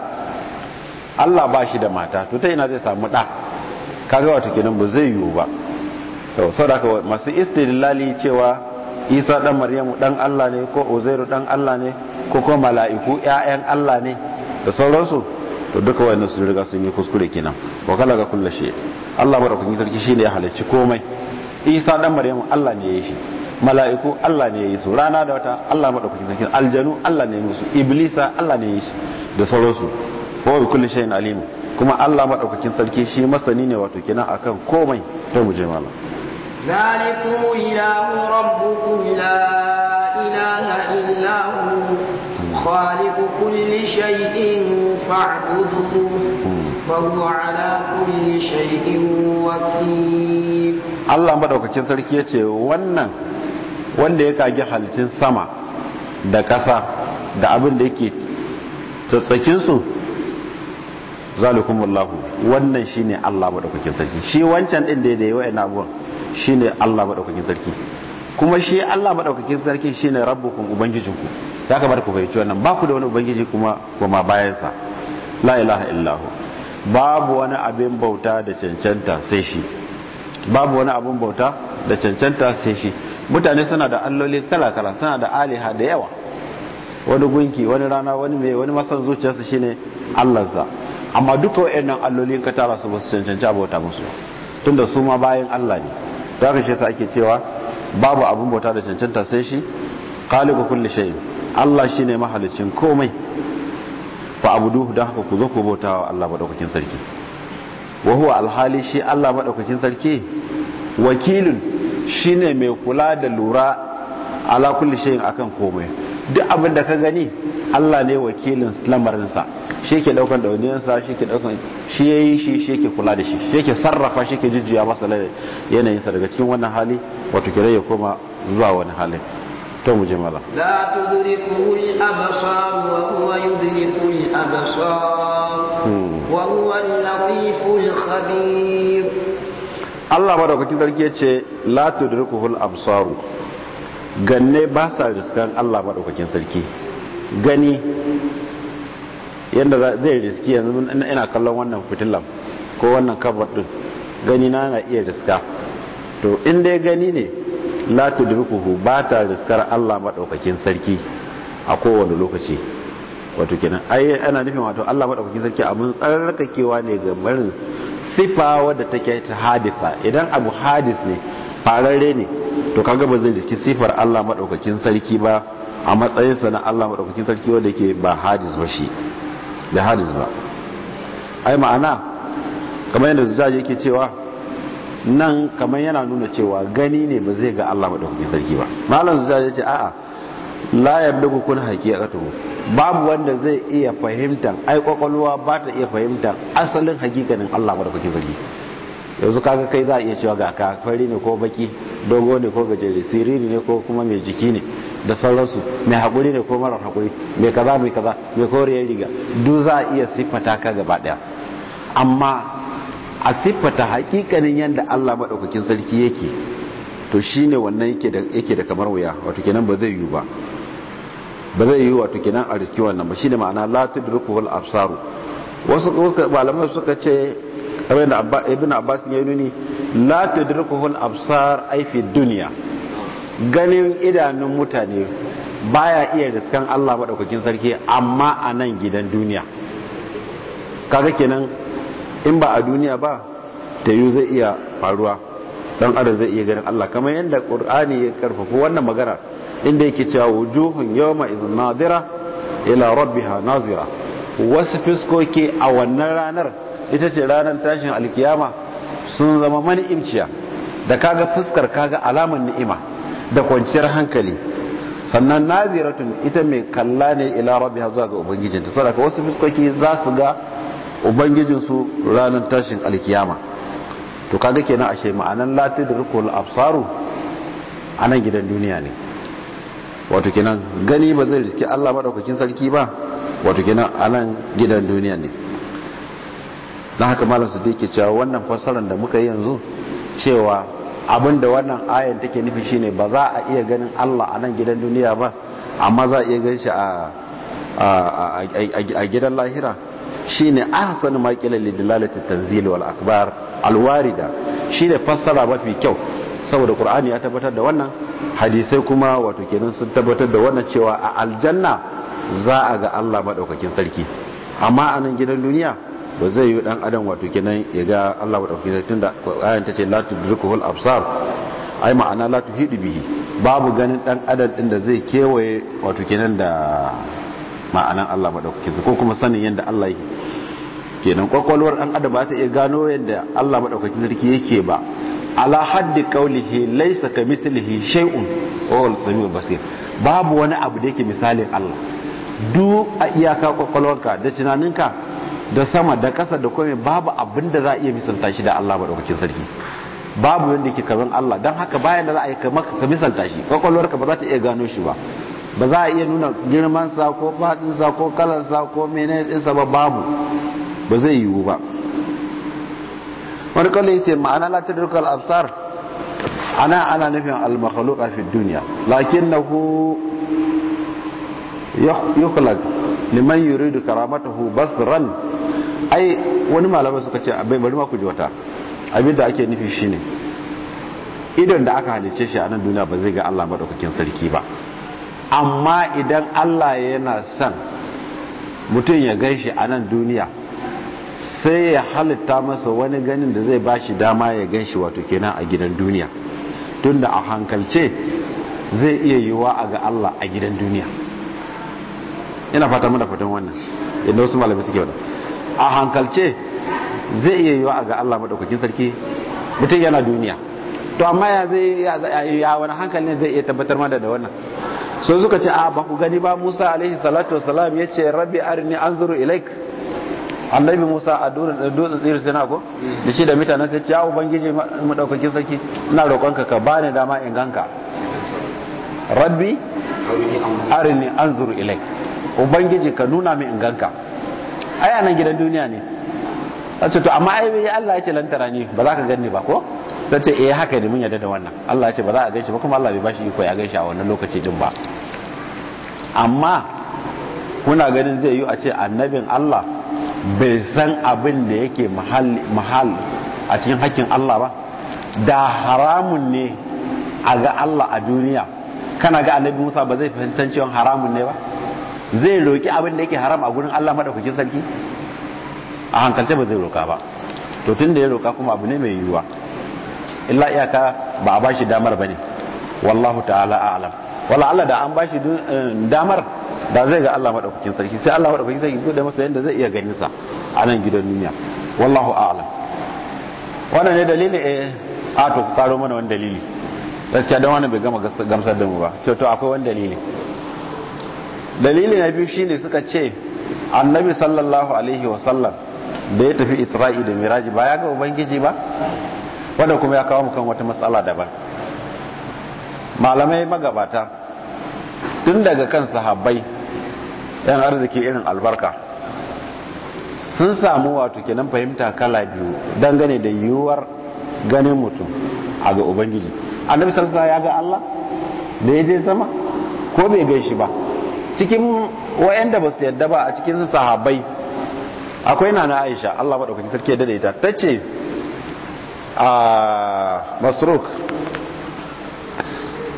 Speaker 2: Allah ba shi da mata to ta ina zai samu ɗa kaga wato kenan ba zai yiwu ba to saboda masu istidlali cewa isa dan maryamu dan Allah ne ko uzairu dan Allah ne ko ko mala'iku ƴaƴan Allah ne da sauransu to duka wayannan sun riga sun yi kuskure kenan wa kala ga kullu shi Allah yi sarki shine ya halarci komai isa dan maryamu Allah ne ya yi shi mala'iku Allah ne ya yi su rana da wata Allah madaukakin sarki aljanu Allah ne ya yi su iblisa Allah ne ya yi shi da sauransu wa bi kulli shay'in alim kuma Allah madaukakin sarki shi masani ne wato kenan akan komai to mu je malam
Speaker 1: ذلكم إله ربكم لا إله إلا هو خالق كل شيء فاعبدوه وهو على كل شيء وكيل
Speaker 2: Allah madaukakin sarki ya ce wannan wanda ya kage halittun sama da ƙasa da abin da yake tsatsakinsu zalikumullahu wannan shine Allah madaukakin sarki shi wancan din da ya yi wa'annan abubuwan shine Allah madaukakin sarki kuma shi Allah madaukakin sarki shine rabbukum ubangijinku ya kamata ku fahimci wannan ba ku da wani ubangiji kuma kuma bayansa la ilaha illahu babu wani abin bauta da cancanta sai shi babu wani abin bauta da cancanta sai shi mutane suna da alloli kala-kala suna da aliha da yawa wani gunki wani rana wani mai wani masan zuciyarsa shine allansa amma duka wa'annan alloli ka tara su ba su cancanci abota musu tunda su ma bayan allah ne za ka shi sa ake cewa babu abin bauta da cancanta sai shi khaliqu kulli shay'in Allah shine mahalicin komai fa abudu da haka ku zo ku bauta wa Allah madaukakin sarki wa huwa alhali shi Allah madaukakin sarki wakilun shine mai kula da lura ala kulli shay'in akan komai duk abin da ka gani Allah ne wakilin lamarinsa shi ke daukan dauniyarsa shi ke daukan shi ya yi shi shi ke kula da shi shi ke sarrafa shi ke jujjuya masa yanayinsa daga cikin wannan hali wato kira ya koma zuwa wani hali to mu jimala
Speaker 1: la tudriku al-absar wa huwa yudriku al-absar hmm. wa huwa al-latif khabir
Speaker 2: Allah madaukakin sarki ce la tudriku absar ganne ba sa riskan Allah maɗaukakin sarki gani yadda zai riski yanzu ina kallon wannan fitilan ko wannan kabar ɗin gani na na iya riska to in dai gani ne da rukuhu ba ta riskar Allah maɗaukakin sarki a kowane lokaci wato kenan ai ana nufin wato Allah maɗaukakin sarki abun tsarkakewa ne ga marin sifa wadda take ta hadisa idan abu hadis ne fararre ne to kaga ba zai riski sifar Allah madaukakin sarki ba a matsayinsa na Allah madaukakin sarki wanda yake ba hadis ba shi da hadis ba ai ma'ana kamar yadda zuzaji yake cewa nan kamar yana nuna cewa gani ne ba zai ga Allah madaukakin sarki ba malam zuzaji yace ce a'a la yablugu kun haqiqatu babu wanda zai iya fahimtar ai kwakwalwa ba ta iya fahimtar asalin haqiqanin Allah madaukakin sarki yanzu kaga kai za a iya cewa ga ka fari ne ko baki dogo ne ko gajere siriri ne ko kuma mai jiki ne da sauransu mai haƙuri ne ko marar haƙuri mai kaza mai kaza mai koriyar riga duk za a iya siffata ka gaba ɗaya amma a siffata hakikanin yadda Allah maɗaukakin sarki yake to shine wannan yake da kamar wuya wato kenan ba zai yiwu ba ba zai yiwu wato kenan a riski wannan ba shine ma'ana la tudrikuhu absaru wasu malamai suka ce da ibn abbas ya nuni la tudrikuhu absar ay fi ganin idanun mutane baya iya riskan Allah madaukakin sarki amma a nan gidan duniya kaga kenan in ba a duniya ba ta yi zai iya faruwa dan adam zai iya ganin Allah kamar yadda qur'ani ya karfafa wannan magana inda yake cewa wujuhun yawma idhin nadira ila rabbiha nazira wasu fiskoki a wannan ranar ita ce ranar tashin alkiyama sun zama mani'imciya da kaga fuskar kaga alamar ni'ima da kwanciyar hankali sannan naziratun ita mai kalla ne ila ha zuwa ga ubangijinta sadaka wasu fuskoki za su ga ubangijinsu ranar tashin alkiyama to kaga kenan ashe ma'anan latin da rukul absaru a nan gidan duniya ne wato kenan gani ba zai riski Allah maɗaukakin sarki ba wato kenan a nan gidan duniya ne na haka malam su ke cewa wannan fassarar da muka yi yanzu cewa abin da wannan ayan take nufi shine ba za a iya ganin Allah a nan gidan duniya ba amma za a iya ganin shi a gidan lahira shine ahsanu ma qila li dalalati tanzil wal akbar al warida shine fassara mafi kyau saboda qur'ani ya tabbatar da wannan hadisai kuma wato kenan sun tabbatar da wannan cewa a aljanna za a ga Allah madaukakin sarki amma a nan gidan duniya ba zai yi dan adam wato kenan ya ga Allah ba dauke zai tunda ayan tace la tudrikuhul absar ai ma'ana la tuhidu bihi babu ganin dan adam din da zai kewaye wato kenan da ma'anan Allah zai ko kuma sanin yadda Allah yake kenan kwakwalwar dan adam ba ta iya gano yadda Allah dauke zai yake ba ala haddi qawlihi laysa kamithlihi shay'un wa huwa basir babu wani abu da yake misalin Allah duk a iyaka kwakwalwarka da tunaninka da sama da kasa da kome babu abin da za a iya misalta shi da Allah maɗaukakin sarki babu wanda ke kaman Allah don haka bayan da za a yi maka ka misalta shi kwakwalwarka ba za ta iya gano shi ba ba za a iya nuna girman sa ko fadin sa ko kalan sa ko menene din ba babu ba zai yiwu ba wani kallon yace ma'ana la ta dukkan absar ana ana nufin al makhluqa fi dunya lakinnahu yuklag liman yuridu karamatahu basran ai wani malamai suka ce bai bari ma ku ji wata abin ake nufi shine idan da aka halice shi a nan duniya ba zai ga Allah madaukakin sarki ba amma idan Allah yana son mutum ya gaishe a nan duniya sai ya halitta masa wani ganin da zai ba shi dama ya gan wato kenan a gidan duniya tunda a hankalce zai iya yiwuwa a ga Allah a gidan duniya ina fata muna fatan wannan inda wasu malamai suke wannan a hankalce zai iya yiwa a ga Allah madaukakin sarki mutum yana duniya to amma ya zai ya wani hankali ne zai iya tabbatar mada da wannan so suka ce a ba ku gani ba Musa alaihi salatu wasalam ya ce rabbi arini anzuru ilaik annabi Musa a dutsen tsiri sai ko da shi da mutanen sai ce ya ubangiji madaukakin sarki ina roƙonka ka bani dama in ganka rabbi arini anzuru ilaik ubangiji ka nuna min in ganka ai anan gidan duniya ne ce to amma ai Allah yake lantara ni ba za ka ganni ba ko ta eh haka ne mun yarda da wannan Allah ya ce ba za a gaishe ba kuma Allah bai bashi iko ya gaishe a wannan lokaci din ba amma kuna ganin zai yi a ce annabin Allah bai san abin da yake mahal a cikin hakkin Allah ba da haramun ne a ga Allah a duniya kana ga annabi Musa ba zai fahimci cewa haramun ne ba zai roƙi abin da yake haram a gurin Allah madaukakin sarki a hankalce ba zai roƙa ba to tun da ya roƙa kuma abu ne mai yiwuwa illa iyaka ba a bashi damar bane wallahu ta'ala a'lam wala Allah da an bashi eh, damar da zai ga Allah madaukakin sarki sai Allah madaukakin sarki bude masa yanda zai iya ganin sa a nan gidan duniya wallahu a'lam wannan ne dalili eh a to karo mana wani dalili gaskiya don wani bai gama gamsar da mu ba to to akwai wani dalili dalili na biyu shine suka ce annabi sallallahu alaihi wasallam da ya tafi isra'i da miraji ba ya ga ubangiji ba wadda kuma ya kawo kan wata matsala daban malamai magabata tun daga kan sahabbai yan arziki irin albarka sun samu wato kenan fahimta kala biyu dangane da yiwuwar ganin mutum a ga ubangiji annabi sallallahu ya ga Allah da ya je sama ko bai gaishi ba cikin wayanda ba su yadda ba a cikin sahabai akwai nana Aisha Allah madaukaki sarki da ita ce a ah, Masruk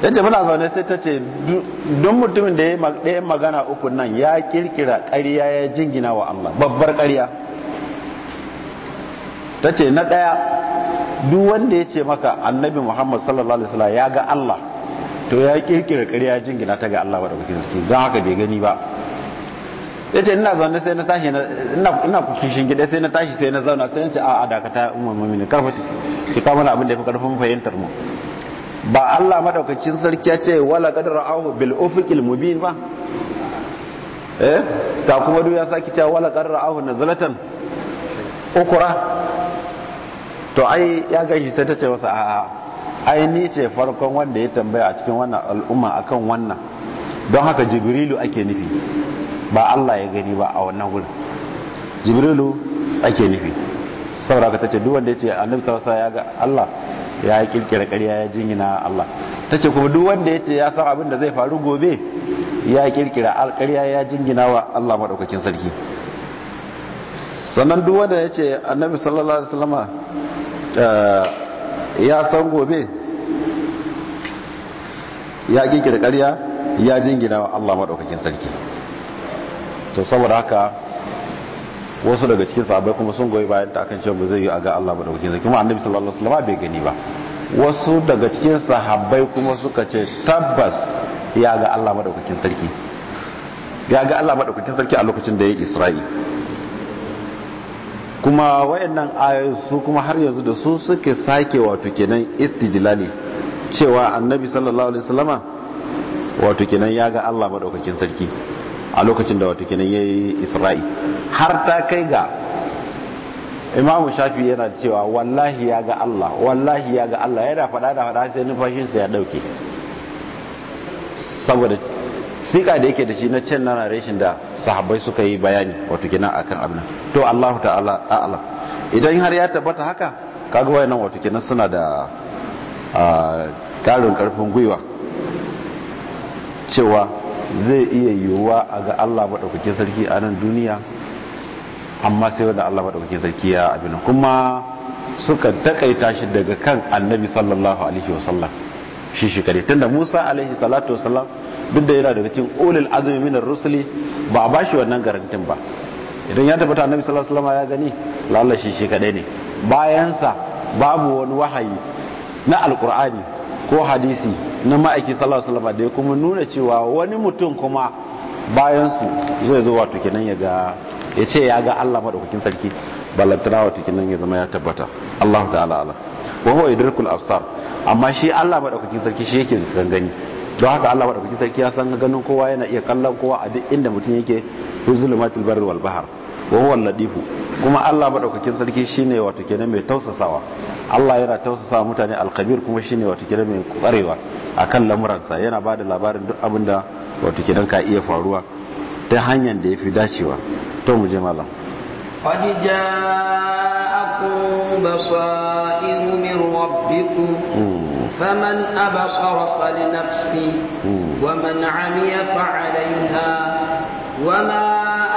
Speaker 2: yadda muna zaune sai ta ce don mutumin da ya magana uku nan ya kirkira ƙarya ya jingina wa Allah babbar ƙarya ce na ɗaya duk wanda ya ce maka annabi Muhammad sallallahu alaihi wasallam ya ga Allah to ya kirkira ƙarya jingina ta ga Allah wa rabbikin sarki don haka bai gani ba yace ina zaune sai na tashi ina ina kishin gida sai na tashi sai na zauna sai nace a a dakata ummul mu'minin karfa ki kawo mana abin da yafi karfin fahimtar mu ba Allah madaukakin sarki ya ce wala qad ahu bil ufuqil mubin ba eh ta kuma duk ya saki ta wala qad na nazlatan ukura. to ai ya gashi sai ta ce masa a'a aini ce farkon wanda ya tambaya a cikin wannan al'umma akan wannan don haka jibrilu ake nufi ba Allah ya gani ba a wannan wurin jibrilu ake nufi saboda ka tace duk wanda ya ce annabi sallallahu alaihi ya ga Allah ya kirkira ƙarya ya jingina Allah tace kuma duk wanda ya ce ya san abin da zai faru gobe ya kirkira alƙarya ya jingina wa Allah madaukakin sarki sannan duk wanda ya ce annabi sallallahu alaihi eh, ya san gobe ya kirkira ƙarya ya jingina wa Allah maɗaukakin sarki to saboda haka wasu daga cikin sabai kuma sun goyi bayan ta akan cewa ba zai yi a ga Allah maɗaukakin sarki kuma annabi sallallahu alaihi wasallam bai gani ba wasu daga cikin sahabbai kuma suka ce tabbas ya ga Allah maɗaukakin sarki ya ga Allah maɗaukakin sarki a lokacin da ya yi Isra'i kuma wayannan ayoyi su kuma har yanzu da su suke sake wato kenan istijlali cewa annabi sallallahu alaihi wasallama wato kenan ya ga Allah madaukakin sarki a lokacin da wato kenan yayi Isra'i har ta kai ga Imam Shafi yana cewa wallahi ya ga Allah wallahi ya ga Allah yana faɗa da faɗa sai numfashinsa ya dauke saboda sika da yake da shi na can na narration da sahabbai suka yi bayani wato kenan akan abin to Allahu ta'ala a'lam idan har ya tabbata haka kaga wayannan wato kenan suna da karin karfin gwiwa cewa zai iya yiwuwa a ga Allah maɗaukakin sarki a nan duniya amma sai wanda Allah maɗaukakin sarki ya abin kuma suka takaita shi daga kan annabi sallallahu alaihi wasallam shi shi kare tunda Musa alaihi salatu wasallam duk da yana daga cikin ulul azumi min rusuli ba a bashi wannan garantin ba idan ya tabbata annabi sallallahu alaihi wasallam ya gani lallai shi shi kadai ne bayan sa babu wani wahayi na alqur'ani ko hadisi na ma'aiki sallallahu alaihi wasallam da ya kuma nuna cewa wani mutum kuma bayan su zai zo wato kenan ya ga ya ce ya ga Allah madaukakin sarki ballantana wato kenan ya zama ya tabbata Allah ta'ala ala wa huwa idrakul absar amma shi Allah madaukakin sarki shi yake riskan gani don haka Allah kuke sarki ya san ganin kowa yana iya kallon kowa a duk inda mutum yake fi zulumatil barri wal bahr wa huwa ladifu kuma Allah madaukakin sarki shine wato kenan mai tausasawa Allah yana tausasa mutane alkabir kuma shine wato kenan mai kwarewa akan lamuransa yana ba da labarin duk abin da wato kenan ka iya faruwa ta hanyar da ya fi dacewa to mu je malam
Speaker 1: قد جاءكم بصائر من فمن أبصر فلنفسي ومن عمي فعليها وما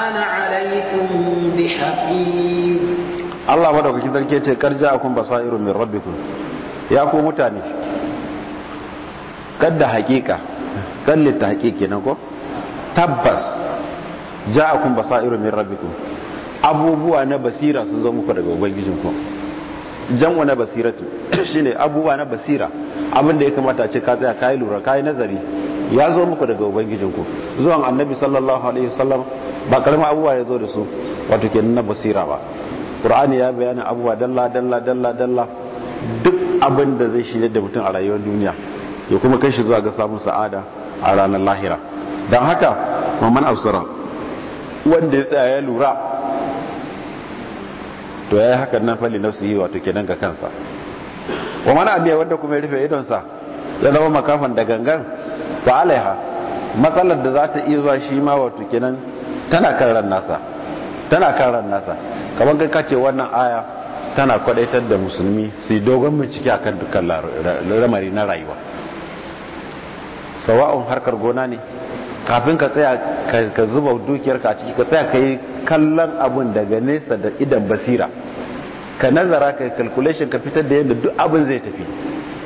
Speaker 1: أنا عليكم بحفيظ
Speaker 2: الله مدعوك كذلك كيتي كرجاءكم بصائر من ربكم يا ياكو متاني كد حقيقة قد للتحقيق نكو تبس جاءكم بصائر من ربكم abubuwa na basira sun zo muku daga ubangijinku janwa na basiratu [CLEARS THROAT] shine abubuwa na basira abinda ya kamata ce ka tsaya kai lura kai nazari ya zo muku daga ubangijinku zuwan annabi sallallahu alaihi wasallam ba karamin abubuwa ya zo da su wato kenan na basira ba qur'ani ya bayyana abubuwa dalla dalla dalla dalla duk abin da zai shirya da mutum a rayuwar duniya ya kuma kai shi zuwa ga samun sa'ada a ranar lahira don haka mamman absara wanda ya tsaya ya lura to ya yi hakan nan fali yi wato kenan ga kansa wa mana abiya wanda kuma ya rufe idonsa ya zama makafan da gangan ba alaiha matsalar da za ta iya zuwa shi ma wato kenan tana kan ran nasa tana kan ran nasa kamar kai kace wannan aya tana kwadaitar da musulmi su yi dogon bincike akan dukkan lamari na rayuwa sawa'un harkar gona ne kafin ka tsaya ka zuba dukiyarka a ciki ka tsaya ka yi kallon abun daga nesa da idan basira ka nazara ka calculation ka fitar da yadda duk abin zai tafi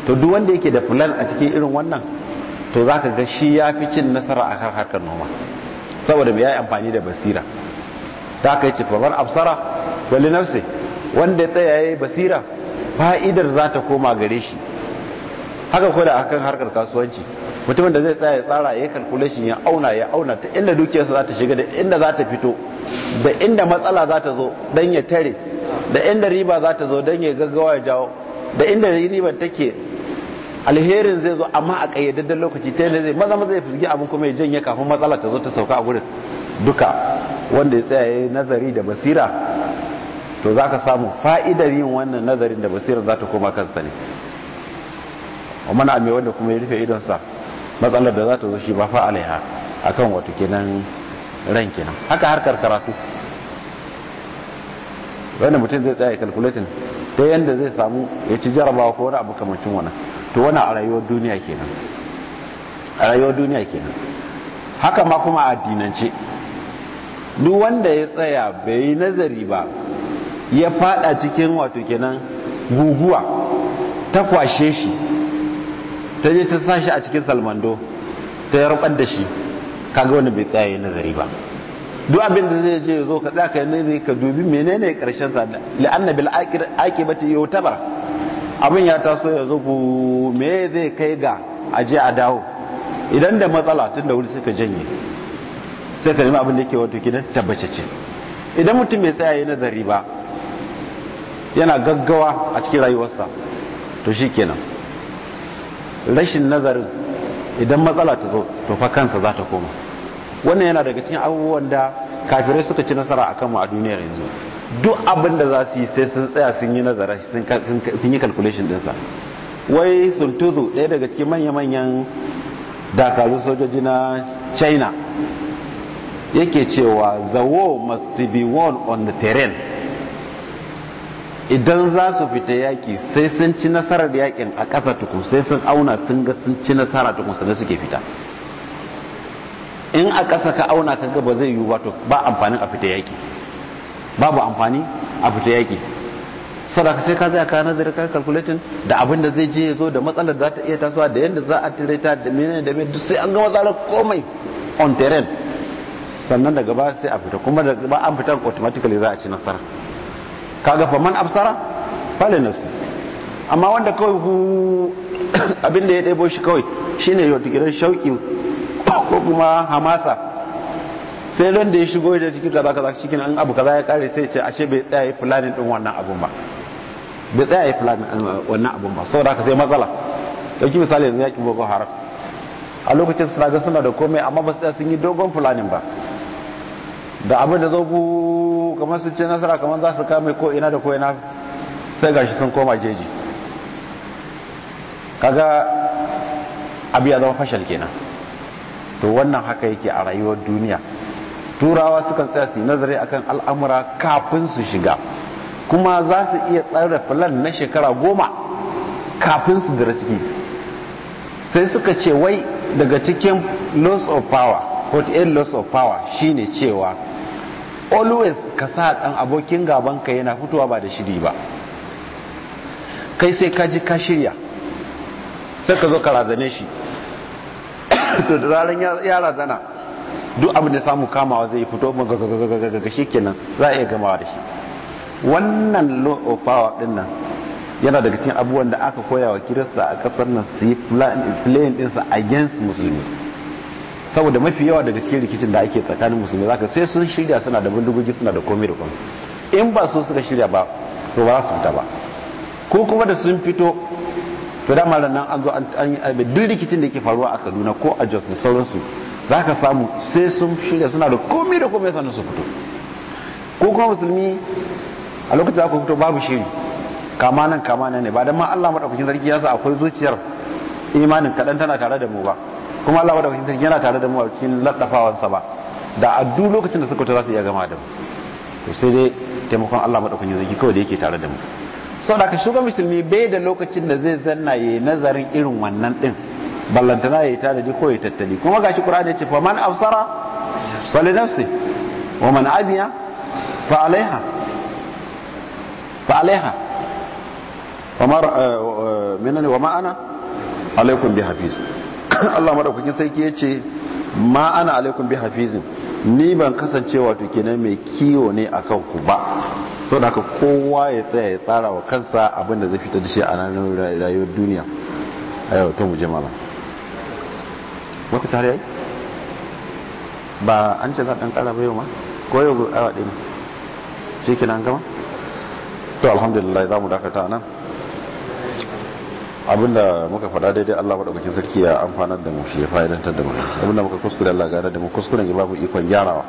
Speaker 2: to duk wanda yake da plan a cikin irin wannan to za ka ga shi ya fi cin nasara a kan harkar noma saboda ya yi amfani da basira da ka yi ce faman absara wali nafsi wanda ya tsaya ya yi basira fa'idar za ta koma gare shi haka ko da akan harkar kasuwanci mutumin da zai tsaya ya tsara ya calculation ya auna ya auna ta inda dukiyarsa za ta shiga da inda za ta fito da inda matsala za ta zo dan ya tare da inda riba za ta zo dan ya gaggawa ya jawo da inda riba take alherin zai zo amma a kayyadaddan lokaci ta yadda zai maza maza ya fizgi abin kuma ya janye kafin matsala ta zo ta sauka a gurin duka wanda ya tsaya ya nazari da basira to za ka samu fa'idar yin wannan nazarin da basirar za ta koma kansa ne wa mana mai wanda kuma ya rufe idonsa matsalar da za ta zo shi ba fa alaiha akan wato kenan ran kenan haka harkar karatu wanda mutum zai tsaya calculating ta yanda zai samu ya ci jarabawa ko wani abu kamancin wannan to wana a rayuwar duniya kenan a rayuwar duniya kenan haka ma kuma a addinance duk wanda ya tsaya bai yi nazari ba ya fada cikin wato kenan guguwa ta kwashe shi ta je ta sa shi a cikin salmando ta yi rabar da shi kaga wani bai tsaye nazari ba duk abin da zai je zo ka tsaya ka nazari ka dubi menene karshen sa la'anna bil wuta yutabar abin ya taso ya zo ku me zai kai ga a je a dawo idan da matsala tun da wuri suka janye sai ka nemi abin da yake wato tabbace ce idan mutum bai tsaya nazari ba yana gaggawa a cikin rayuwarsa to shi kenan rashin nazarin idan matsala ta zo to fa kansa za ta koma wannan yana daga cikin abubuwan da kafirai suka ci nasara a kanmu a duniyar yanzu duk abin da za su yi sai sun tsaya sun yi nazara sun yi calculation ɗinsa wai sun tuzu ɗaya daga cikin manya-manyan dakarun sojoji na china yake cewa the war must be won on the terrain idan za su fita yaƙi sai sun ci nasarar yaƙin a ƙasa tukun sai sun auna sun ga sun ci nasara tukun sannan suke fita in a ƙasa ka auna ka ga ba zai yiwu ba to ba amfanin a fita yaƙi. babu amfani a fita yaƙi sadaka sai ka zai ka nazari ka calculating da abin da zai je ya zo da matsalar za ta iya tasowa da yadda za a tire ta da mene da duk sai an ga matsalar komai on terrain sannan daga ba sai a fita kuma daga ba an fita automatically za a ci nasara kaga fa man absara fali nafsi amma wanda kawai hu [COUGHS] abin da ya ɗebo shi kawai shine yau tikirar shauki ko kuma hamasa sai ran da ya shigo da cikin kaza kaza shi kina an abu kaza ya kare sai ce ashe bai tsaya yi fulani din wannan abun ba bai tsaya yi fulani wannan abun ba saboda haka sai matsala dauki misali yanzu yakin boko haram a lokacin suna suna da komai amma ba su sun yi dogon fulanin ba da abin da zo ku kamar su ce nasara kamar za su kame ko ina da ko ina sai gashi sun koma jeji kaga abu ya zama fashal kenan to wannan haka yake a rayuwar duniya turawa sukan tsaya su yi nazari akan al'amura kafin su shiga kuma za su iya tsara filan na shekara goma kafin su dira ciki sai suka ce wai daga cikin loss of power 48 loss of power shine cewa always ka sa ɗan abokin gaban ka yana fitowa ba da shiri ba kai sai ka ji ka shirya sai ka zo ka razane shi [COUGHS] to da zaran ya razana duk abin da samu kamawa zai fito ga shi za a iya gamawa da shi wannan law of din yana daga cikin abubuwan da aka koya wa kirista a kasar nan su yi playing ɗinsa against musulmi saboda mafi yawa daga cikin rikicin da ake tsakanin musulmi zaka sai sun shirya suna da bindigogi suna da komai da komai in ba su suka shirya ba to ba su fita ba ko kuma da sun fito to da malan nan an zo an duk rikicin da yake faruwa a Kaduna ko a Jos da sauransu zaka samu sai sun shirya suna da komai da komai sannan su fito ko kuma musulmi a lokacin da aka fito babu shiri kama nan kama nan ne ba dan ma Allah madaukakin sarki ya sa akwai zuciyar imanin kadan tana tare da mu ba kuma Allah wa daukakin yana tare da mu a cikin ba da addu lokacin da suka ta su iya gama da mu to sai dai taimakon Allah madaukakin zaki kawai da yake tare da mu saboda ka shugaban musulmi bai da lokacin da zai zanna yayi nazarin irin wannan din ballantana yayi tanadi ko ya tattali kuma gashi Qur'ani ya ce fa man absara fali nafsi wa man abiya fa alaiha fa alaiha wa ma eh, eh, ana alaikum bi hafiz [COUGHS] Allah madaukakin sarki yace ma ana alaikum bi hafizin ni ban kasance wato kenan mai kiwo ne akan ku ba saboda haka kowa ya tsaya ya tsara wa kansa abin da zai fita da shi a ranar rayuwar duniya ayo yau mu muje mala maka tare yayi ba an ce za dan kara bayo ma ko yau awa ɗaya shi kenan gama to alhamdulillah za mu dakata nan abinda muka fada daidai Allah maɗaukakin sarki ya amfana da mu shi ya fa'idantar da mu abinda muka kuskure Allah gane da mu kuskuren ya babu ikon gyarawa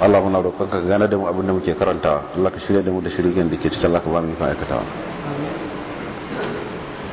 Speaker 2: Allah muna roƙon ka gane da mu abinda muke karanta Allah ka shirya da mu da shirye da ke cikin Allah ka ba mu ikon aikatawa